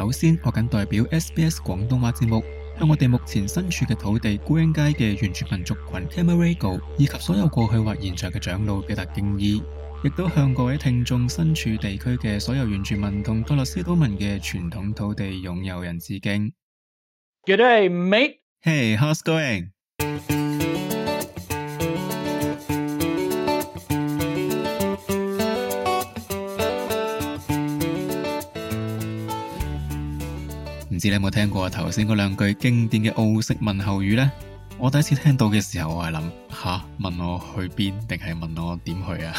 首先，我謹代表 SBS 廣東話節目，向我哋目前身處嘅土地孤英街嘅原住民族群 Cammeraygal 以及所有過去或現在嘅長老表達敬意，亦都向各位聽眾身處地區嘅所有原住民同托勒斯島民嘅傳統土地擁有人致敬。Good day, mate. Hey, how's going? 你有冇聽過頭先嗰兩句經典嘅澳式問候語呢？我第一次聽到嘅時候，我係諗吓，問我去邊定係問我點去啊？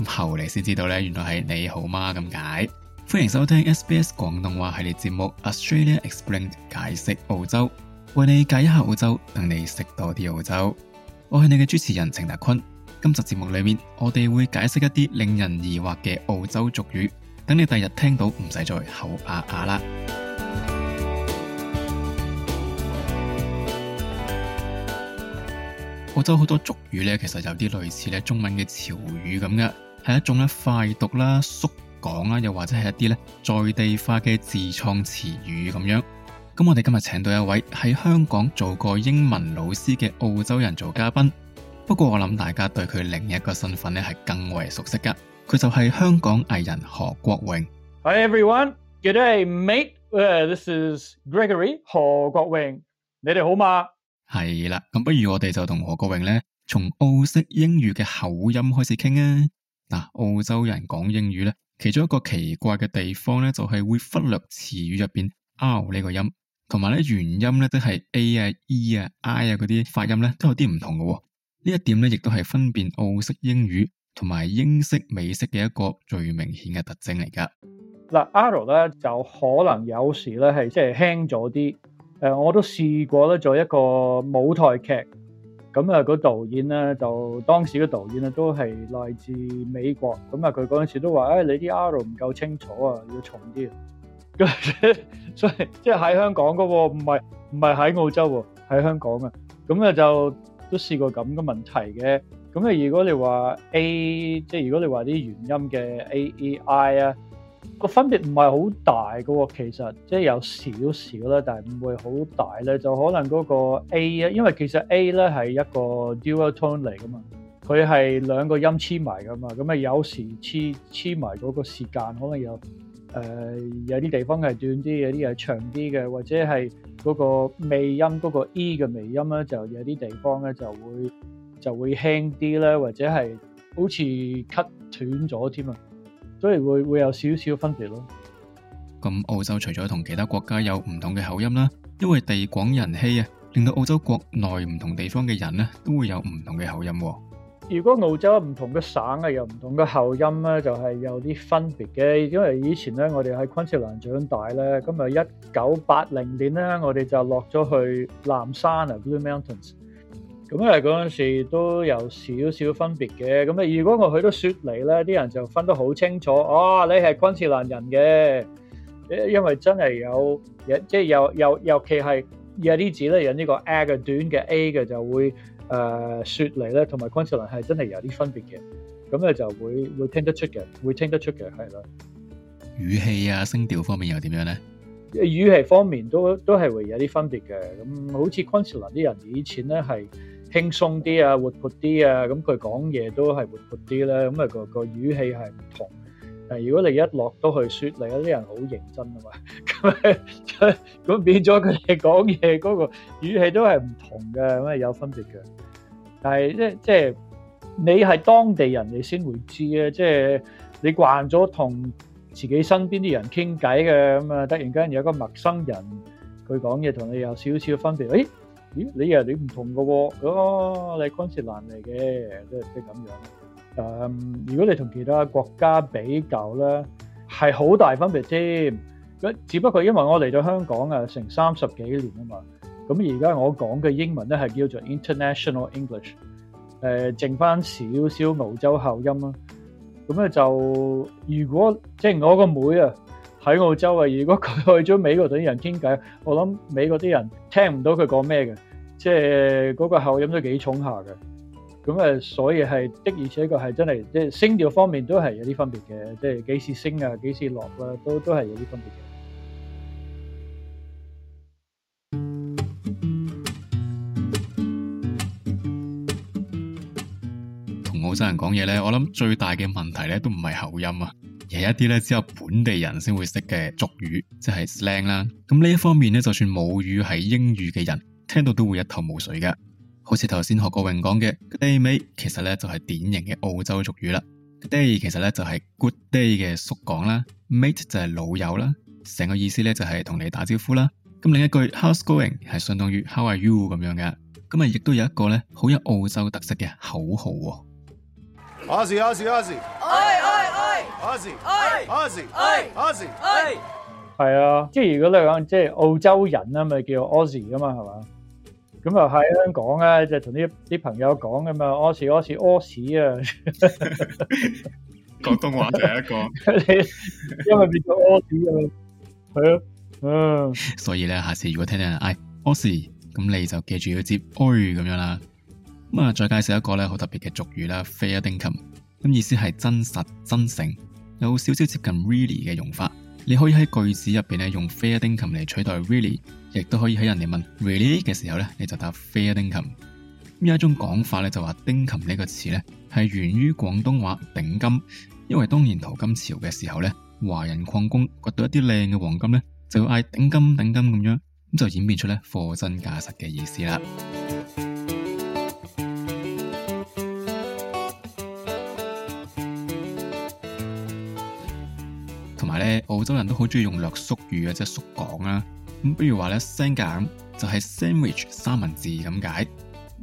咁後嚟先知道呢，原來係你好嗎咁解。歡迎收聽 SBS 廣東話系列節目《Australia Explained》，解釋澳洲，為你解一下澳洲，等你識多啲澳洲。我係你嘅主持人程達坤。今集節目裏面，我哋會解釋一啲令人疑惑嘅澳洲俗語，等你第日聽到唔使再口啞啞啦。澳洲好多俗語咧，其實有啲類似咧中文嘅潮語咁嘅，係一種咧快讀啦、縮講啦，又或者係一啲咧在地化嘅自創詞語咁樣。咁我哋今日請到一位喺香港做過英文老師嘅澳洲人做嘉賓，不過我諗大家對佢另一個身份咧係更為熟悉噶。佢就係香港藝人何國榮。Hi everyone, G'day, mate. Uh, this is Gregory 何國榮。你哋好嗎？係啦，咁不如我哋就同何國榮咧，從澳式英語嘅口音開始傾啊！嗱，澳洲人講英語咧，其中一個奇怪嘅地方咧，就係會忽略詞語入邊 R 呢個音，同埋咧元音咧都係 A 啊、E 啊、I 啊嗰啲發音咧都有啲唔同嘅。呢一點咧，亦都係分辨澳式英語同埋英式美式嘅一個最明顯嘅特徵嚟噶。嗱，R 咧就可能有時咧係即係輕咗啲。誒，我都試過咧做一個舞台劇，咁、那、啊個導演咧就當時個導演啊都係來自美國，咁啊佢嗰陣時都話，誒、哎、你啲 R 唔夠清楚啊，要重啲。咁 所以即係喺香港噶喎，唔係唔係喺澳洲喎，喺香港啊。咁啊就，就都試過咁嘅問題嘅。咁啊如果你話 A，即係如果你話啲元音嘅 A、E、I 啊。個分別唔係好大嘅喎，其實即係有少少啦，但係唔會好大咧。就可能嗰個 A 咧，因為其實 A 咧係一個 dual tone 嚟㗎嘛，佢係兩個音黐埋㗎嘛。咁啊，有時黐黐埋嗰個時間可能有誒、呃，有啲地方係短啲，有啲係長啲嘅，或者係嗰個尾音嗰個 E 嘅尾音咧，就有啲地方咧就會就會輕啲咧，或者係好似 cut 斷咗添啊！所以會會有少少分別咯。咁澳洲除咗同其他國家有唔同嘅口音啦，因為地廣人稀啊，令到澳洲國內唔同地方嘅人咧都會有唔同嘅口音。如果澳洲唔同嘅省啊，有唔同嘅口音咧，就係有啲分別嘅。因為以前咧，我哋喺昆士蘭長大咧，咁啊，一九八零年咧，我哋就落咗去藍山啊，Blue Mountains。咁咧，嗰陣時都有少少分別嘅。咁咧，如果我去到雪梨咧，啲人就分得好清楚。哇、哦！你係昆士蘭人嘅，因為真係有，即係有有尤其係有啲字咧，有呢個 A 嘅短嘅 A 嘅，就會誒、呃、雪梨咧，同埋昆士蘭係真係有啲分別嘅。咁咧就會會聽得出嘅，會聽得出嘅，係啦。語氣啊，聲調方面又點樣咧？語氣方面都都係會有啲分別嘅。咁好似昆士蘭啲人以前咧係，輕鬆啲啊，活潑啲啊，咁佢講嘢都係活潑啲啦，咁啊個個語氣係唔同。如果你一落都去説，另一啲人好認真啊嘛，咁咁變咗佢哋講嘢嗰個語氣都係唔同嘅，咁係有分別嘅。但係即即係你係當地人，你先會知啊。即係你慣咗同自己身邊啲人傾偈嘅，咁啊突然間有一個陌生人，佢講嘢同你有少少分別，誒？咦，你呀你唔同嘅喎，嗰個你昆士蘭嚟嘅，都係都係咁樣。誒，如果你同其他國家比較咧，係好大分別添。咁只不過因為我嚟到香港啊，成三十幾年啊嘛，咁而家我講嘅英文咧係叫做 International English，誒，剩翻少少澳洲口音啦。咁咧就如果即係我個妹呀。喺澳洲啊！如果佢去咗美國同啲人傾偈，我諗美國啲人聽唔到佢講咩嘅，即係嗰個口音都幾重下嘅。咁啊，所以係的而且確係真係，即係聲調方面都係有啲分別嘅，即係幾時升啊，幾時落啊，都都係有啲分別嘅。同澳洲人講嘢咧，我諗最大嘅問題咧，都唔係口音啊。有一啲咧，只有本地人先會識嘅俗語，即係 slang 啦。咁呢一方面咧，就算母語係英語嘅人，聽到都會一頭霧水噶。好似頭先學過榮講嘅，day mate 其實咧就係典型嘅澳洲俗語啦。day 其實咧就係 good day 嘅縮講啦，mate 就係老友啦。成個意思咧就係同你打招呼啦。咁另一句 how’s going 係相當於 how are you 咁樣嘅。咁啊，亦都有一個咧好有澳洲特色嘅口號喎。阿時阿時阿 Ozzy，係 Ozzy，係 Ozzy，係係啊，即係如果你講即係澳洲人啦，咪叫 Ozzy 噶嘛，係嘛？咁啊喺香港咧就同啲啲朋友講噶嘛，Ozzy，Ozzy，屙屎啊！廣 東話就係一個，你 因為變咗屙屎啊，係啊，嗯。所以咧，下次如果聽聽人嗌 Ozzy，咁你就記住要接 O 咁樣啦。咁啊，再介紹一個咧好特別嘅俗語啦，fair dinkum，咁意思係真實真誠。有少少接近 really 嘅用法，你可以喺句子入邊咧用 fair dinkum 嚟取代 really，亦都可以喺人哋問 really 嘅時候咧，你就答 fair dinkum。咁有一種講法咧就話 dinkum 呢個詞咧係源於廣東話頂金，因為當年淘金潮嘅時候咧，華人礦工掘到一啲靚嘅黃金咧，就要嗌頂金頂金咁樣，咁就演變出咧貨真價實嘅意思啦。同埋咧，澳洲人都好中意用略縮語啊，即係縮講啦。咁不如話咧，sanga 就係 sandwich 三文治咁解。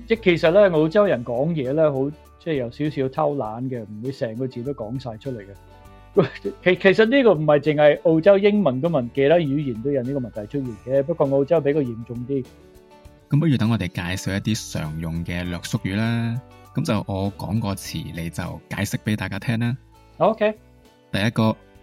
即其實咧，澳洲人講嘢咧，好即係有少少偷懶嘅，唔會成個字都講晒出嚟嘅。其 其實呢個唔係淨係澳洲英文嘅文記啦，其他語言都有呢個問題出現嘅。不過澳洲比較嚴重啲。咁不如等我哋介紹一啲常用嘅略縮語啦。咁就我講個詞，你就解釋俾大家聽啦。OK，第一個。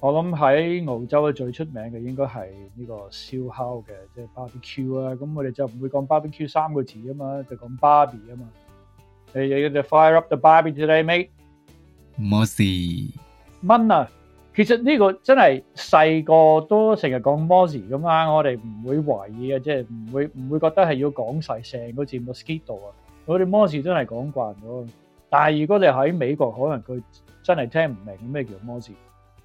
我諗喺澳洲嘅最出名嘅應該係呢個燒烤嘅，即係 barbecue 啊。咁我哋就唔會講 barbecue 三個字啊嘛，就講 barbie 啊嘛。誒，you have tofire up the barbie，today mate，mosi 蚊啊？其實呢個真係細個都成日講 mosi 咁啊。我哋唔會懷疑嘅，即係唔會唔會覺得係要講晒成個字 mosquito 啊。我哋 mosi 真係講慣咗。但係如果你喺美國，可能佢真係聽唔明咩叫 mosi。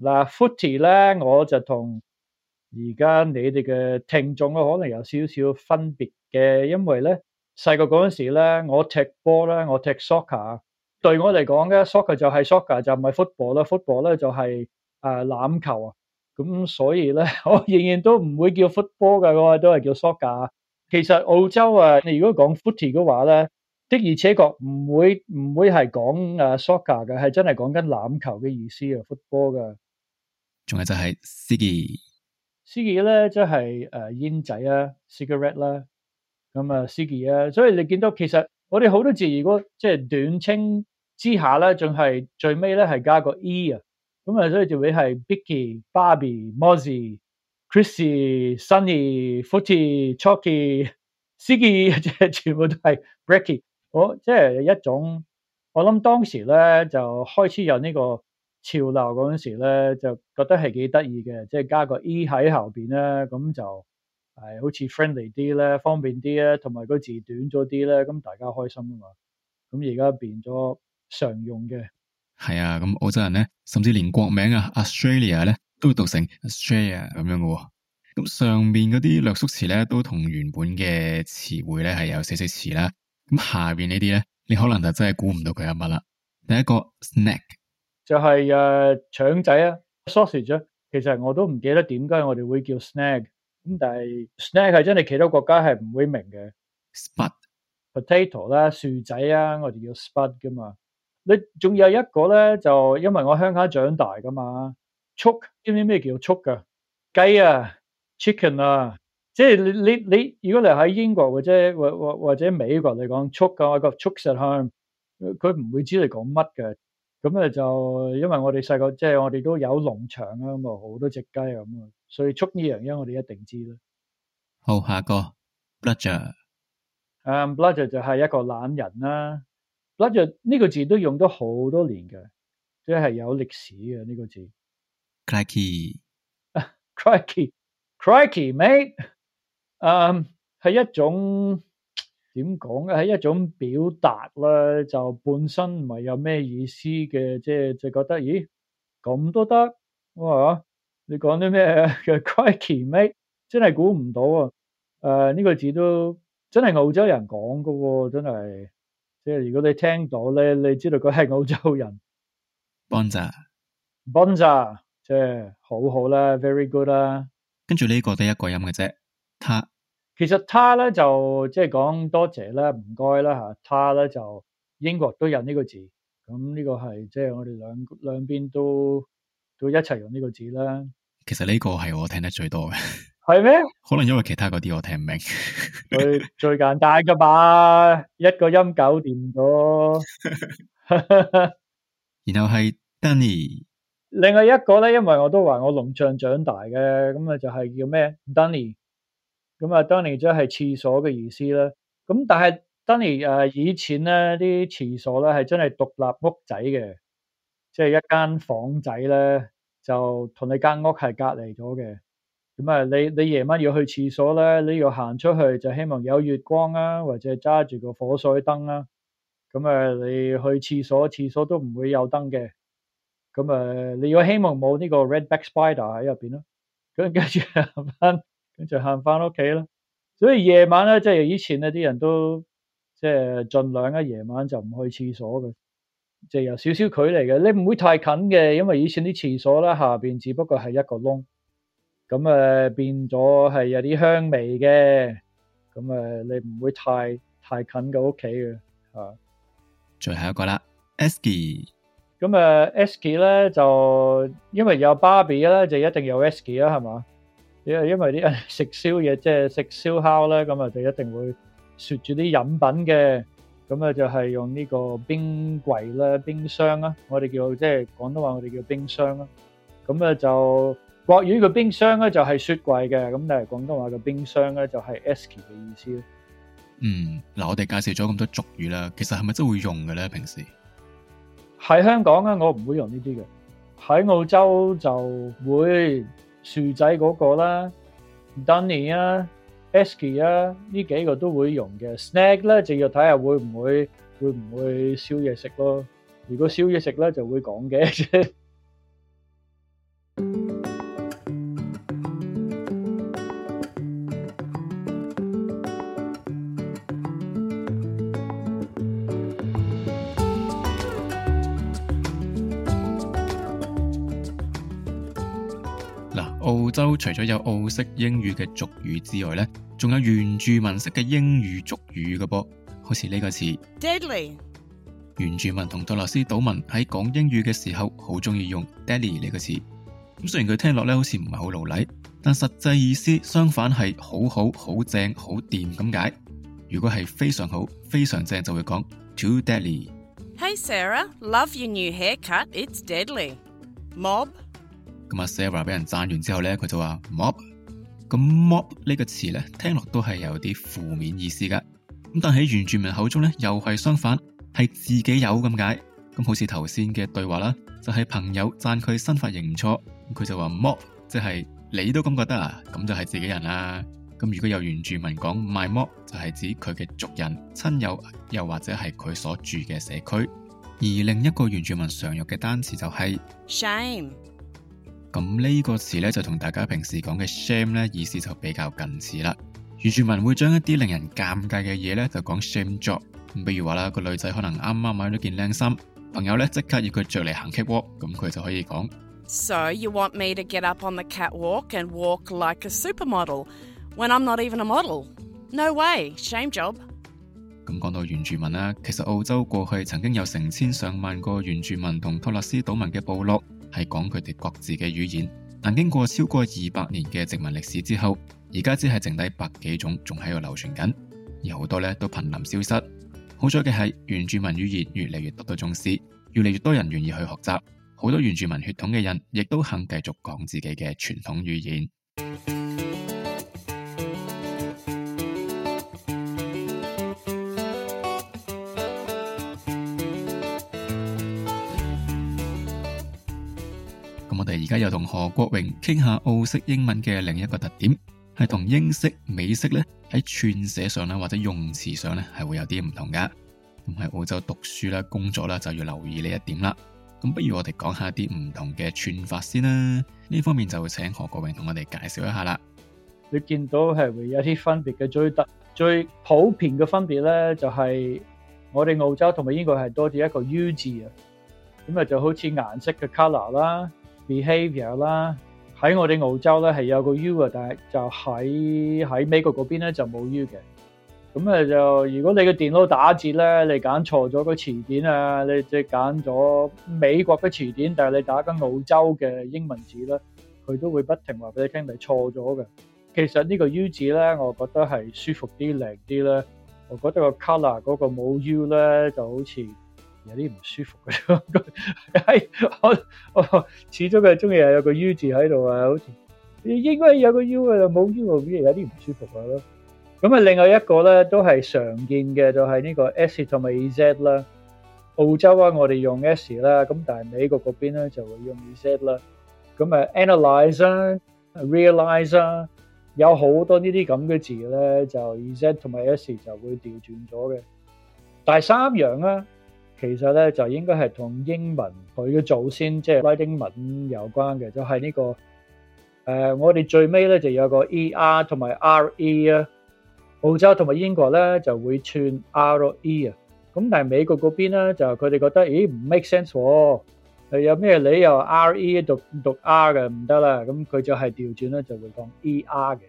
嗱，footy 咧，我就同而家你哋嘅聽眾啊，可能有少少分別嘅，因為咧細個嗰陣時咧，我踢波咧，我踢 soccer，對我嚟講咧，soccer 就係 soccer，就唔係 football 啦，football 咧就係誒欖球啊。咁所以咧，我仍然都唔會叫 football 噶，我都係叫 soccer。其實澳洲啊，你如果講 footy 嘅話咧，的而且確唔會唔會係講誒 soccer 嘅，係真係講緊欖球嘅意思啊，football 噶。仲有就係 Ciggy，Ciggy 咧，即係誒煙仔啊，Cigarette 啦，咁啊 Ciggy 啊，所以你見到其實我哋好多字，如果即係短稱之下咧，仲係最尾咧係加個 E 啊，咁啊，所以就會係 Bicky、Barbie、Mozzie、Chrissy、Sunny、Footy、Chalkie、Ciggy，即係全部都係 Brekkie，我即係一種，我諗當時咧就開始有呢個。潮流嗰陣時咧，就覺得係幾得意嘅，即係加個 E 喺後邊咧，咁就係好似 friendly 啲咧，方便啲咧，同埋個字短咗啲咧，咁大家開心噶嘛。咁而家變咗常用嘅，係啊，咁澳洲人咧，甚至連國名啊 Australia 咧，都讀成 Australia 咁樣噶。咁上面嗰啲略縮詞咧，都同原本嘅詞彙咧係有少少似啦。咁下邊呢啲咧，你可能就真係估唔到佢係乜啦。第一個 snack。就係誒腸仔啊，sausage 啊，其實我都唔記得點解我哋會叫 snag 咁，但係 snag 係真係其他國家係唔會明嘅。spud potato 啦，薯仔啊，我哋叫 spud 噶嘛。你仲有一個咧，就因為我鄉下長大噶嘛，chook 知唔知咩叫 chook 嘅雞啊，chicken 啊，即係你你你，如果你喺英國或者或或者美國嚟講 chook 嘅，我覺 chook at home 佢唔會知你講乜嘅。咁咧就因為我哋細個，即係我哋都有農場啦，咁啊好多隻雞咁啊，所以捉呢樣嘢我哋一定知啦。好，下個 Bludger。啊，Bludger 就係一個懶人啦。Bludger 呢個字都用咗好多年嘅，即係有歷史嘅呢個字。Crikey，Crikey，Crikey，mate，啊，係一種。點講嘅係一種表達啦，就本身唔係有咩意思嘅，即係就覺得咦咁都得哇？你講啲咩嘅 quirky 咩真係估唔到啊！誒呢個字都真係澳洲人講嘅喎，真係即係如果你聽到咧，你知道佢係澳洲人。Bonza，Bonza，Bonza，即係好好啦、啊、，very good 啦、啊。跟住呢個都一個音嘅啫，其實他咧就即係講多謝啦，唔該啦吓。他咧就英國都有呢個字，咁呢個係即係我哋兩兩邊都都一齊用呢個字啦。其實呢個係我聽得最多嘅，係咩？可能因為其他嗰啲我聽唔明。最最簡單噶嘛，一個音搞掂咗。然後係 Danny，另外一個咧，因為我都話我龍將長大嘅，咁啊就係叫咩 Danny。咁啊，dunny 係廁所嘅意思啦。咁但係 dunny 誒以前咧啲廁所咧係真係獨立屋仔嘅，即係一間房仔咧就同你間屋係隔離咗嘅。咁啊，你你夜晚要去廁所咧，你要行出去就希望有月光啊，或者係揸住個火水燈啊。咁啊，你去廁所，廁所都唔會有燈嘅。咁啊，你要希望冇呢個 redback spider 喺入邊咯。咁跟住翻。跟住行翻屋企啦，所以夜晚咧，即係以前咧，啲人都即係盡量咧，夜晚就唔去廁所嘅，即係有少少距離嘅，你唔會太近嘅，因為以前啲廁所咧下邊只不過係一個窿，咁誒變咗係有啲香味嘅，咁誒你唔會太太近個屋企嘅吓。最後一個啦，Esky，咁誒 Esky 咧就因為有 Barbie 咧，就一定有 Esky 啦，係嘛？因為啲人食宵夜即係食燒烤啦，咁啊就一定會雪住啲飲品嘅，咁啊就係用呢個冰櫃啦，冰箱啦，我哋叫即係廣東話，我哋叫冰箱啦。咁啊就國語嘅冰箱咧就係雪櫃嘅，咁但係廣東話嘅冰箱咧就係 Esky 嘅意思咧。嗯，嗱，我哋介紹咗咁多俗語啦，其實係咪真係會用嘅咧？平時喺香港咧，我唔會用呢啲嘅，喺澳洲就會。薯仔嗰、那個啦，Danny 啊，Esky 啊，呢幾個都會用嘅。Snag 咧就要睇下會唔會會唔會燒嘢食咯。如果燒嘢食咧就會講嘅。 除咗有澳式英語嘅俗語之外呢，仲有原住民式嘅英語俗語嘅噃。好似呢個詞 “deadly”。原住民同托羅斯島民喺講英語嘅時候，好中意用 “deadly” 呢個詞。咁雖然佢聽落咧，好似唔係好老禮，但實際意思相反係好好好正好掂咁解。如果係非常好非常正，就會講 “too deadly”。Hey Sarah, love your new haircut. It's deadly. Mob. 咁啊，Sarah 俾人讚完之後咧，佢就話 mob。咁 mob 個詞呢個詞咧，聽落都係有啲負面意思噶。咁但喺原住民口中咧，又係相反，係自己有咁解。咁好似頭先嘅對話啦，就係、是、朋友讚佢新髮型唔錯，佢就話 mob，即、就、係、是、你都咁覺得啊，咁就係自己人啦。咁如果有原住民講 my mob，就係指佢嘅族人、親友，又或者係佢所住嘅社區。而另一個原住民常用嘅單詞就係、是、shame。Shime. 咁呢個詞呢，就同大家平時講嘅 shame 呢，意思就比較近似啦。原住民會將一啲令人尷尬嘅嘢呢，就講 shame job。咁比如話啦，個女仔可能啱啱買咗件靚衫，朋友呢，即刻要佢着嚟行 catwalk，咁佢就可以講。So you want me to get up on the catwalk and walk like a supermodel when I'm not even a model? No way, shame job。咁講到原住民啦，其實澳洲過去曾經有成千上萬個原住民同托勒斯島民嘅部落。係講佢哋各自嘅語言，但經過超過二百年嘅殖民歷史之後，而家只係剩低百幾種仲喺度流傳緊，而好多咧都瀕臨消失。好彩嘅係，原住民語言越嚟越得到重視，越嚟越多人願意去學習，好多原住民血統嘅人亦都肯繼續講自己嘅傳統語言。又同何國榮傾下澳式英文嘅另一個特點，係同英式、美式咧喺串寫上咧或者用詞上咧係會有啲唔同噶。咁喺澳洲讀書啦、工作啦就要留意呢一點啦。咁不如我哋講下啲唔同嘅串法先啦。呢方面就會請何國榮同我哋介紹一下啦。你見到係會有啲分別嘅，最大最普遍嘅分別咧就係、係、我哋澳洲同埋英國係多咗一個 u 字啊。咁啊就好似顏色嘅 colour 啦。behaviour 啦，喺我哋澳洲咧係有個 U 嘅，但係就喺喺美國嗰邊咧就冇 U 嘅。咁啊就如果你嘅電腦打字咧，你揀錯咗個詞典啊，你即係揀咗美國嘅詞典，但係你打緊澳洲嘅英文字咧，佢都會不停話俾你聽你錯咗嘅。其實呢個 U 字咧，我覺得係舒服啲、靚啲咧。我覺得個 colour 嗰個冇 U 咧就好似。有啲唔舒服嘅，係我我始終佢係中意有個 U 字喺度啊，好似應該有個 U 啊，冇 U 嗰邊有啲唔舒服咯。咁啊，另外一個咧都係常見嘅，就係呢個 S 同埋 Z 啦。澳洲啊，我哋用 S 啦，咁但係美國嗰邊咧就會用 Z 啦。咁啊，analyse 啊，realise 啊，有好多呢啲咁嘅字咧，就 Z 同埋 S 就會調轉咗嘅。第三樣啊。其實咧就應該係同英文佢嘅祖先即係拉丁文有關嘅，就係呢個誒，我哋最尾咧就有個 e r 同埋 r e 啊。澳洲同埋英國咧就會串 r e 啊，咁但係美國嗰邊咧就佢哋覺得，咦唔 make sense 喎，係有咩理由 r e 讀讀 r 嘅唔得啦？咁佢就係調轉咧就會講 e r 嘅，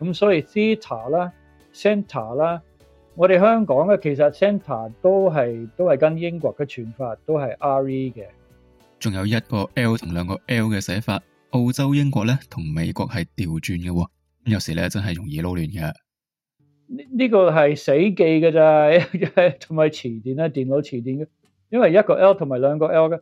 咁所以 theatre 啦，centre 啦。我哋香港咧，其實 centre 都係都係跟英國嘅串法，都係 re 嘅。仲有一個 l 同兩個 l 嘅寫法，澳洲、英國咧同美國係調轉嘅喎。咁有時咧真係容易撈亂嘅。呢、呢、呢個係死記嘅咋，同埋詞典啦，電腦詞典嘅。因為一個 l 同埋兩個 l 嘅，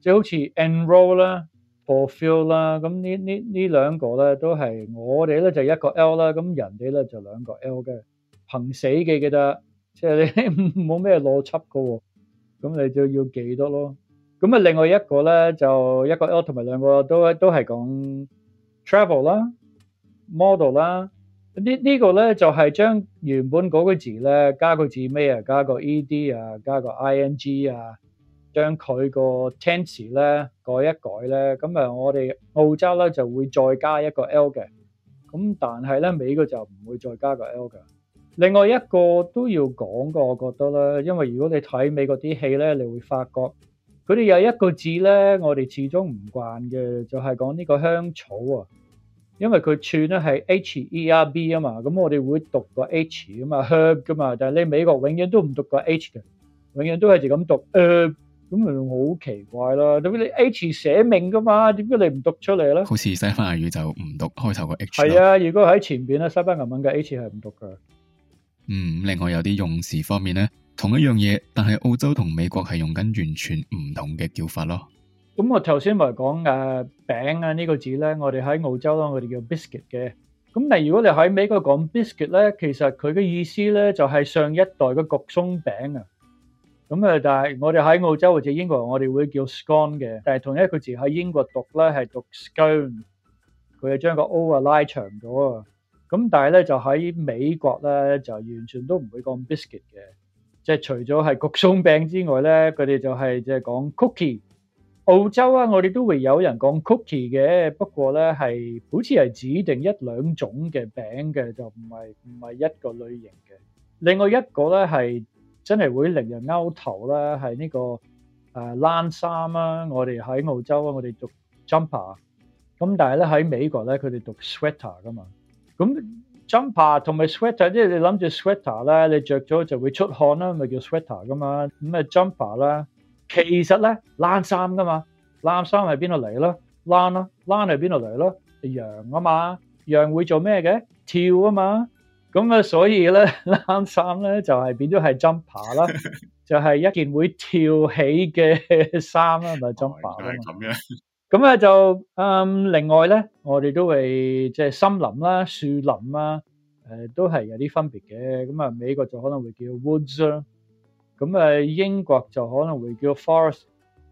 即係好似 enroll 啦，fulfill 啦，咁呢呢呢兩個咧都係我哋咧就一個 l 啦，咁人哋咧就兩個 l 嘅。憑死記記得，即係你冇咩邏輯嘅喎，咁你就要記得咯。咁啊，另外一個咧就一個 L 同埋兩個都都係講 travel 啦、model 啦。呢、呢個咧就係將原本嗰個字咧加個字咩啊，加個 ed 啊，加個 ing 啊，將佢個 tense 咧改一改咧。咁啊，我哋澳洲咧就會再加一個 L 嘅，咁但係咧美國就唔會再加個 L 嘅。另外一個都要講過，我覺得啦。因為如果你睇美國啲戲咧，你會發覺佢哋有一個字咧，我哋始終唔慣嘅，就係講呢個香草啊，因為佢串咧係 H E R B 啊嘛，咁我哋會讀個 H 啊嘛，herb 噶嘛，但係你美國永遠都唔讀個 H 嘅，永遠都係就咁讀，誒、呃，咁咪好奇怪啦？點解你 H 寫明噶嘛？點解你唔讀出嚟咧？好似西班牙語就唔讀開頭個 H。係啊，如果喺前邊咧，西班牙文嘅 H 係唔讀噶。嗯，另外有啲用詞方面咧，同一樣嘢，但係澳洲同美國係用緊完全唔同嘅叫法咯。咁我頭先咪講嘅餅啊呢個字咧，我哋喺澳洲咧，我哋叫 biscuit 嘅。咁但係如果你喺美國講 biscuit 咧，其實佢嘅意思咧就係上一代嘅焗鬆餅啊。咁啊，但係我哋喺澳洲或者英國，我哋會叫 scone 嘅。但係同一個字喺英國讀咧係讀 scone，佢係將個 o 啊拉長咗啊。。咁但係呢，就喺美國呢，就完全都唔會講 biscuit 嘅。即係除咗係焗鬆餅之外咧，佢哋就係即係講 cookie。澳洲啊，我哋都會有人講 cookie 嘅，不過咧係好似係指定一兩種嘅餅嘅，就唔係唔係一個類型嘅。另外一個咧係真係會令人勾頭啦，係呢、呢個誒冷衫啦。我哋喺澳洲啊，我哋讀 jumper，咁但係咧喺美國咧，佢哋讀咁 jumper 同埋 sweater，即係你諗住 sweater 咧，你著咗就會出汗啦，咪叫 sweater 噶嘛。咁啊 jumper 啦，其實咧，冷衫噶嘛，冷衫係邊度嚟咯？冷咯，冷係邊度嚟咯？羊啊嘛，羊會做咩嘅？跳啊嘛。咁啊，所以咧，冷衫咧就係變咗係 jumper 啦，就係一件會跳起嘅衫啦，咪 jumper，咁樣。咁咧就嗯，另外咧，我哋都會即係森林啦、樹林啦，誒、呃，都係有啲分別嘅。咁啊，美國就可能會叫 woods 啦，咁啊，英國就可能會叫 forest。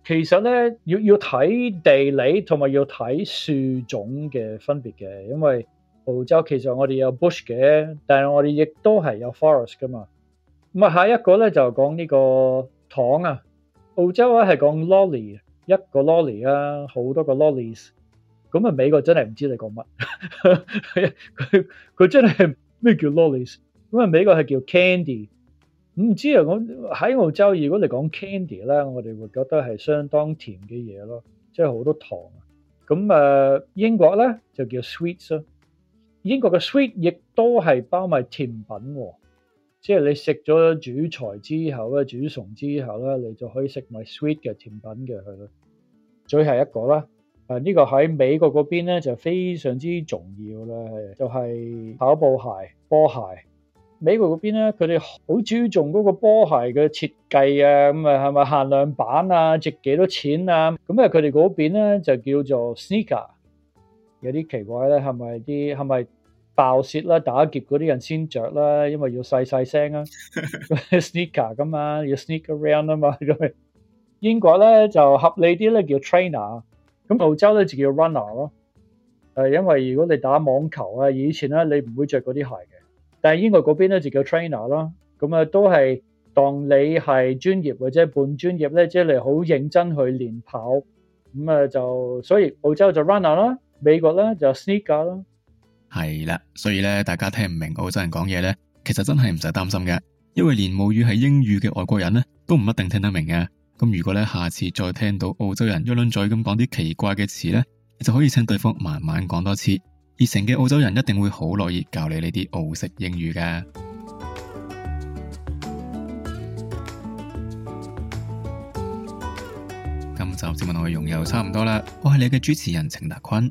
其實咧，要要睇地理同埋要睇樹種嘅分別嘅，因為澳洲其實我哋有 bush 嘅，但係我哋亦都係有 forest 噶嘛。咁啊，下一個咧就講呢個糖啊，澳洲咧係講 lolly。一個 lolly 啊，好多個 lollies，咁啊美國真係唔知你講乜，佢佢真係咩叫 lollies，咁啊美國係叫 candy，唔知啊，咁喺澳洲如果你講 candy 咧，我哋會覺得係相當甜嘅嘢咯，即係好多糖啊，咁啊英國咧就叫 sweets 咯，英國嘅 sweet 亦都係包埋甜品喎。即係你食咗主菜之後咧，主餸之後咧，你就可以食埋 sweet 嘅甜品嘅。佢最後一個啦，誒、這、呢個喺美國嗰邊咧就非常之重要啦，就係、是、跑步鞋、波鞋。美國嗰邊咧，佢哋好注重嗰個波鞋嘅設計啊，咁啊係咪限量版啊？值幾多錢啊？咁啊佢哋嗰邊咧就叫做 sneaker，有啲奇怪咧，係咪啲係咪？是爆雪啦，打劫嗰啲人先着啦，因為要細細聲啊 ，sneaker 噶嘛，要 sneak around 啊嘛。 英國咧就合理啲咧叫 trainer，咁澳洲咧就叫 runner 咯。誒，因為如果你打網球啊，以前咧你唔會着嗰啲鞋嘅，但係英國嗰邊咧就叫 trainer 咯。咁啊，都係當你係專業或者半專業咧，即係你好認真去練跑，咁啊就所以澳洲就 runner 啦，美國咧就 sneaker 啦。係啦，所以咧，大家聽唔明澳洲人講嘢咧，其實真係唔使擔心嘅，因為連母語係英語嘅外國人咧，都唔一定聽得明嘅。咁如果咧，下次再聽到澳洲人一輪嘴咁講啲奇怪嘅詞咧，就可以請對方慢慢講多次，熱情嘅澳洲人一定會好樂意教你呢啲澳式英語嘅。今集節目內容又差唔多啦，我係你嘅主持人程達坤。